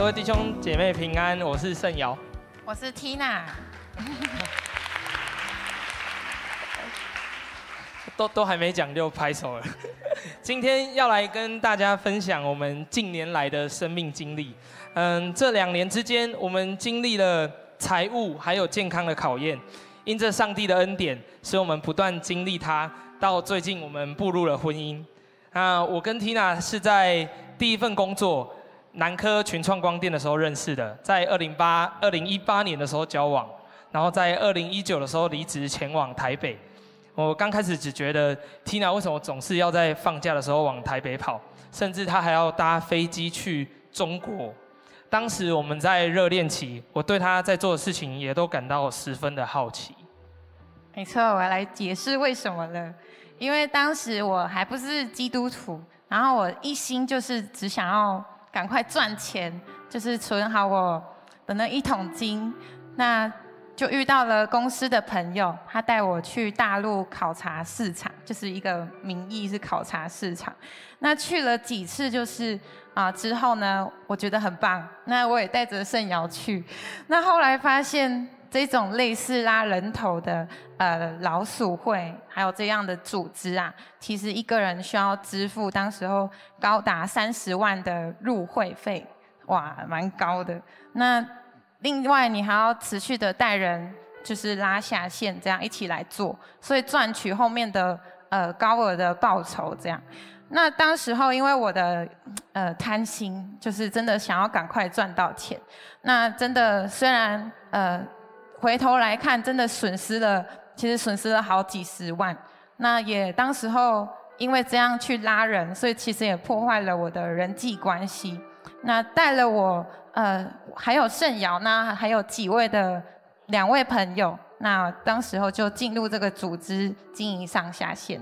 各位弟兄姐妹平安，我是聖堯，我是廷伊， 都都還沒講就拍手了。 今天要來跟大家分享我們近年來的生命經歷。嗯，這兩年之間，我們經歷了財務還有健康的考驗，因着上帝的恩典，使我們不斷經歷它。到最近，我們步入了婚姻。啊，我跟廷伊是在第一份工作。南科群創光電的時候認識的，在二零八二零一八年的時候交往，然後在二零一九的時候離職前往台北。我剛開始只覺得 Tina 為什麼總是要在放假的時候往台北跑，甚至她還要搭飛機去中國。當時我們在熱戀期，我對她在做的事情也都感到十分的好奇。沒錯，我要來解釋為什麼了，因為當時我還不是基督徒，然後我一心就是只想要。趕快賺錢，就是存好我的第一桶金。那就遇到了公司的朋友，他帶我去大陸考察市場，就是一個名義是考察市場。那去了幾次，就是啊，之後呢，我覺得很棒。那我也帶着聖堯去。那後來發現。這種類似拉人頭的呃老鼠會，還有這樣的組織啊，其實一個人需要支付當時候高達三十萬的入會費。哇，蠻高的。那另外你還要持續的帶人，就是拉下線這樣一起來做，所以賺取後面的呃高額的報酬這樣。那當時候因為我的呃貪心，就是真的想要趕快賺到錢，那真的雖然呃。回頭來看，真的損失了，其實損失了好幾十萬。那也當時候因為這樣去拉人，所以其實也破壞了我的人際關係。那帶了我，呃，還有聖堯呢，還有幾位的兩位朋友，那當時候就進入這個組織經營上下線。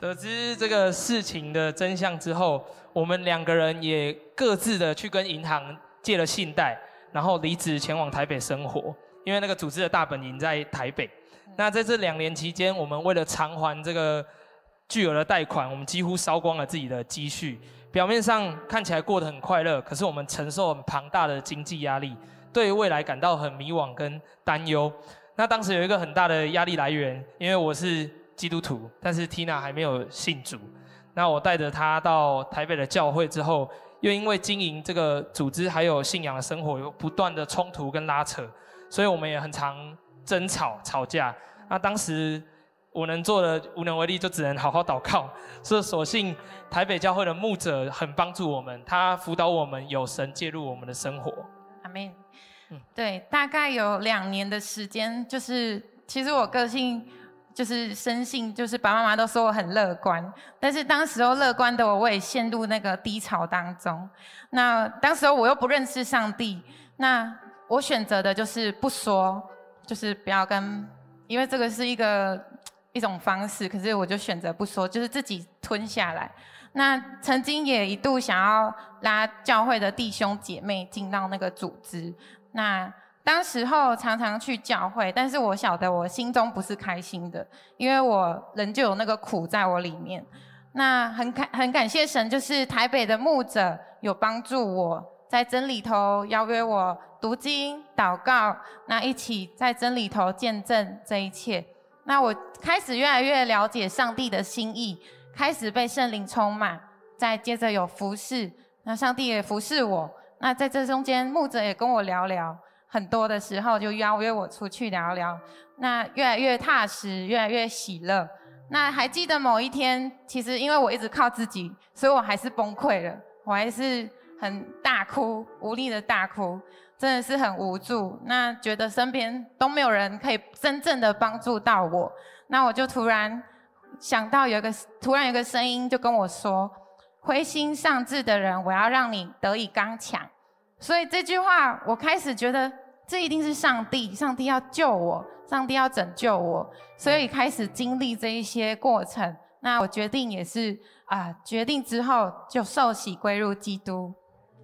得知這個事情的真相之後，我們兩個人也各自的去跟銀行借了信貸。然後離職前往台北生活，因為那個組織的大本營在台北。那在這兩年期間，我們為了償還這個巨額的貸款，我們幾乎燒光了自己的積蓄。表面上看起來過得很快樂，可是我們承受很龐大的經濟壓力，對未來感到很迷惘跟擔憂。那當時有一個很大的壓力來源，因為我是基督徒，但是 Tina 還沒有信主。那我帶着她到台北的教會之後。又因為經營這個組織，還有信仰的生活，有不斷的衝突跟拉扯，所以我們也很常爭吵、吵架。那當時我能做的無能為力，就只能好好禱告。所以所幸台北教會的牧者很幫助我們，他輔導我們，有神介入我們的生活。阿門。對，大概有兩年的時間，就是其實我個性。就是生性，就是爸爸媽媽都說我很樂觀，但是當時候樂觀的我，我也陷入那個低潮當中。那當時候我又不認識上帝，那我選擇的就是不說，就是不要跟，因為這個是一個一種方式，可是我就選擇不說，就是自己吞下來。那曾經也一度想要拉教會的弟兄姐妹進到那個組織，那。當時候常常去教會，但是我曉得我心中不是開心的，因為我仍舊有那個苦在我裡面。那很感很感謝神，就是台北的牧者有幫助我，在真理頭邀約我讀經、禱告，那一起在真理頭見證這一切。那我開始越來越了解上帝的心意，開始被聖靈充滿，再接着有服侍，那上帝也服侍我。那在這中間，牧者也跟我聊聊。很多的時候就邀約我出去聊聊，那越來越踏實，越來越喜樂。那還記得某一天，其實因為我一直靠自己，所以我還是崩潰了，我還是很大哭，無力的大哭，真的是很無助。那覺得身邊都沒有人可以真正的幫助到我，那我就突然想到有一個突然有一個聲音就跟我說：“灰心喪志的人，我要讓你得以剛強。”所以這句話，我開始覺得。這一定是上帝，上帝要救我，上帝要拯救我，所以開始經歷這一些過程。那我決定也是啊、呃，決定之後就受洗歸入基督。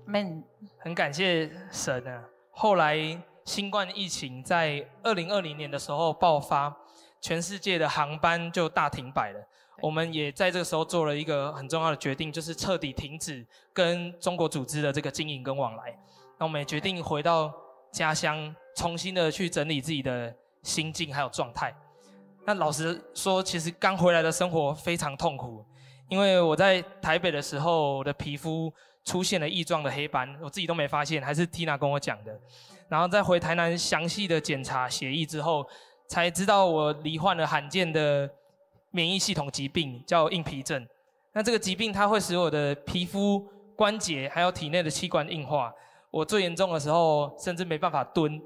Amen。很感謝神啊。後來新冠疫情在二零二零年的時候爆發，全世界的航班就大停擺了。我們也在這個時候做了一個很重要的決定，就是徹底停止跟中國組織的這個經營跟往來。那我們也決定回到。家鄉重新的去整理自己的心境還有狀態。那老實說，其實剛回來的生活非常痛苦，因為我在台北的時候，我的皮膚出現了異狀的黑斑，我自己都沒發現，還是 Tina 跟我講的。然後再回台南詳細的檢查血液之後，才知道我罹患了罕見的免疫系統疾病，叫硬皮症。那這個疾病它會使我的皮膚、關節還有體內的器官硬化。我最嚴重的時候，甚至沒辦法蹲，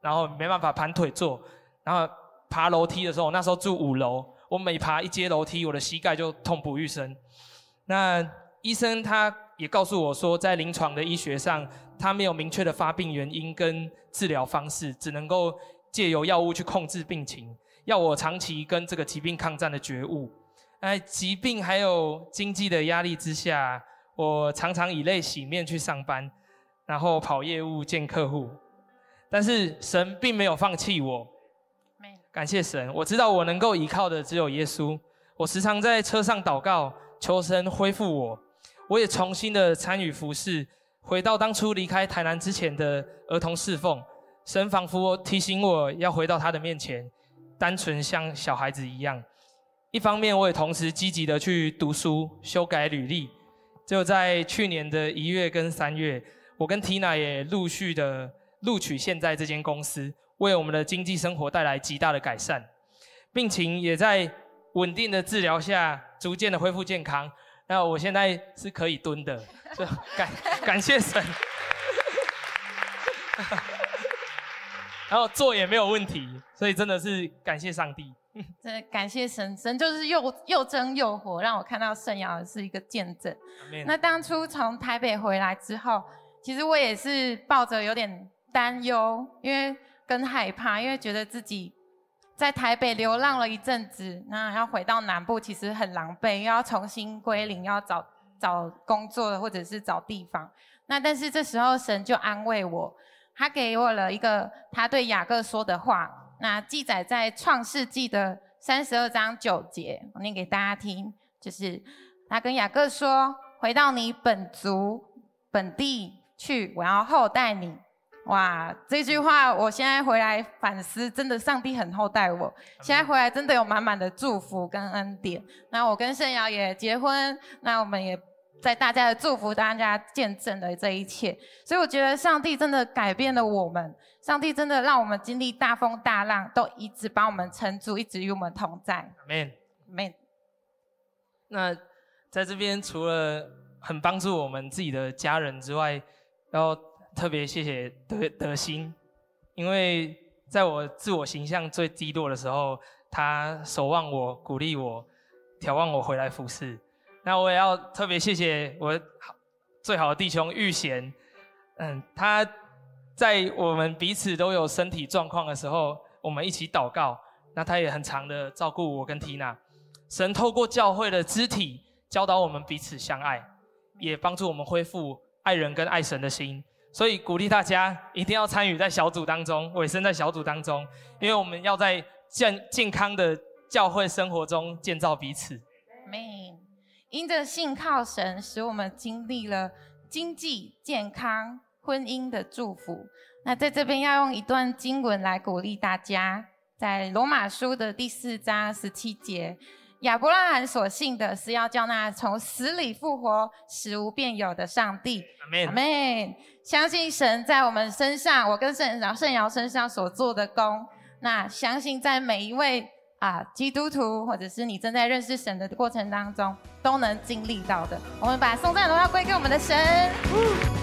然後沒辦法盤腿坐，然後爬樓梯的時候，那時候住五樓，我每爬一階樓梯，我的膝蓋就痛不欲生。那醫生他也告訴我說，在臨床的醫學上，他沒有明確的發病原因跟治療方式，只能夠借由藥物去控制病情，要我長期跟這個疾病抗戰的覺悟。哎，疾病還有經濟的壓力之下，我常常以淚洗面去上班。然後跑業務見客戶，但是神並沒有放棄我，感謝神，我知道我能夠依靠的只有耶穌。我時常在車上禱告，求神恢復我。我也重新的參與服事，回到當初離開台南之前的兒童侍奉。神仿佛提醒我要回到他的面前，單純像小孩子一樣。一方面，我也同時積極的去讀書、修改履歷。就在去年的一月跟三月。我跟 Tina 也陸續的錄取，現在這間公司為我們的經濟生活帶來極大的改善，病情也在穩定的治療下逐漸的恢復健康。那我現在是可以蹲的， 感感謝神， 然後坐也沒有問題，所以真的是感謝上帝。真的感謝神，神就是又又真又活，讓我看到聖堯是一個見證。Amen. 那當初從台北回來之後。其實我也是抱着有點擔憂，因為更害怕，因為覺得自己在台北流浪了一陣子，那要回到南部，其實很狼狽，又要重新歸零，要找找工作，或者是找地方。那但是這時候神就安慰我，他給我了一個他對雅各說的話，那記載在創世紀的三十二章九節，我念給大家聽，就是他跟雅各說：“回到你本族本地。”去，我要厚待你，哇！這句話，我現在回來反思，真的，上帝很厚待我。Amen. 現在回來，真的有滿滿的祝福跟恩典。那我跟聖堯也結婚，那我們也在大家的祝福、大家見證了這一切，所以我覺得上帝真的改變了我們。上帝真的讓我們經歷大風大浪，都一直幫我們撐住，一直與我們同在。Amen，Amen Amen。那在這邊，除了很幫助我們自己的家人之外，要特別謝謝德德興，因為在我自我形象最低落的時候，他守望我，鼓勵我，挑望我回來服侍，那我也要特別謝謝我最好的弟兄玉賢，嗯，他在我們彼此都有身體狀況的時候，我們一起禱告。那他也很常的照顧我跟緹娜。神透過教會的肢體教導我們彼此相愛，也幫助我們恢復愛人跟愛神的心，所以鼓勵大家一定要參與在小組當中，委身在小組當中，因為我們要在健健康的教會生活中建造彼此。阿們，因着信靠神，使我們經歷了經濟、健康、婚姻的祝福。那在這邊要用一段經文來鼓勵大家，在羅馬書的第四章十七節。亞伯拉罕所信的是要叫那從使裡復活、死無變有的上帝。Amen，相信神在我們身上，我跟聖然後聖堯身上所做的工。那相信在每一位啊基督徒，或者是你正在認識神的過程當中，都能經歷到的。我們把頌讚都要歸給我們的神。Woo!